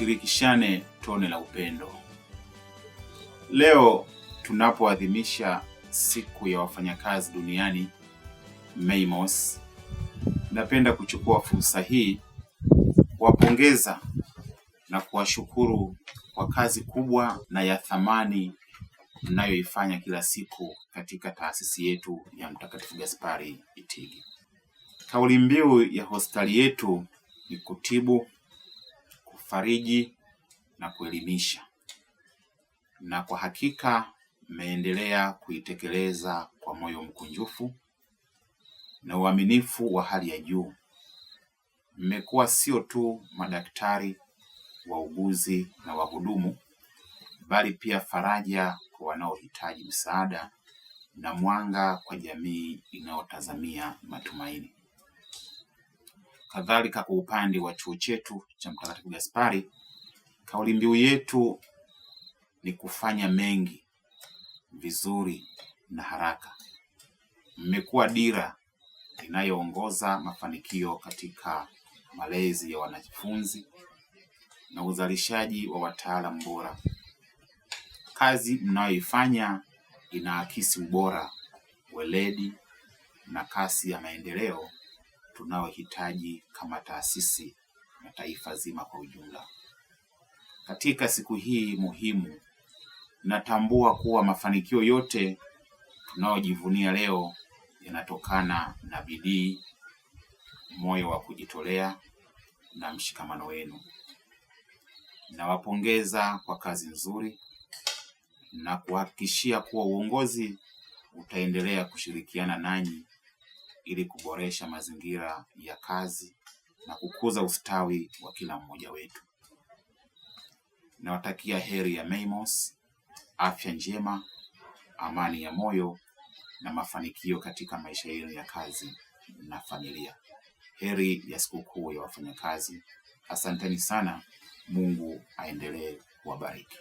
tushirikishane tone la upendo. Leo tunapoadhimisha siku ya wafanyakazi duniani Mei Mosi, napenda kuchukua fursa hii kuwapongeza na kuwashukuru kwa kazi kubwa na ya thamani mnayoifanya kila siku katika taasisi yetu ya Mtakatifu Gaspari Itigi. Kauli mbiu ya hospitali yetu ni kutibu kufariji na kuelimisha, na kwa hakika mmeendelea kuitekeleza kwa moyo mkunjufu na uaminifu wa hali ya juu. Mmekuwa sio tu madaktari, wauguzi na wahudumu, bali pia faraja kwa wanaohitaji msaada na mwanga kwa jamii inayotazamia matumaini. Kadhalika, kwa upande wa chuo chetu cha Mtakatifu Gaspari, kauli mbiu yetu ni kufanya mengi vizuri na haraka. Mmekuwa dira inayoongoza mafanikio katika malezi ya wanafunzi na uzalishaji wa wataalamu bora. Kazi mnayoifanya inaakisi ubora, weledi na kasi ya maendeleo tunaohitaji kama taasisi na taifa zima kwa ujumla. Katika siku hii muhimu, natambua kuwa mafanikio yote tunayojivunia leo yanatokana na bidii, moyo wa kujitolea na mshikamano wenu. Nawapongeza kwa kazi nzuri na kuhakikishia kuwa uongozi utaendelea kushirikiana nanyi ili kuboresha mazingira ya kazi na kukuza ustawi wa kila mmoja wetu. Nawatakia heri ya Mei Mosi, afya njema, amani ya moyo na mafanikio katika maisha yenu ya kazi na familia. Heri ya sikukuu ya wafanyakazi. Asanteni sana. Mungu aendelee kuwabariki.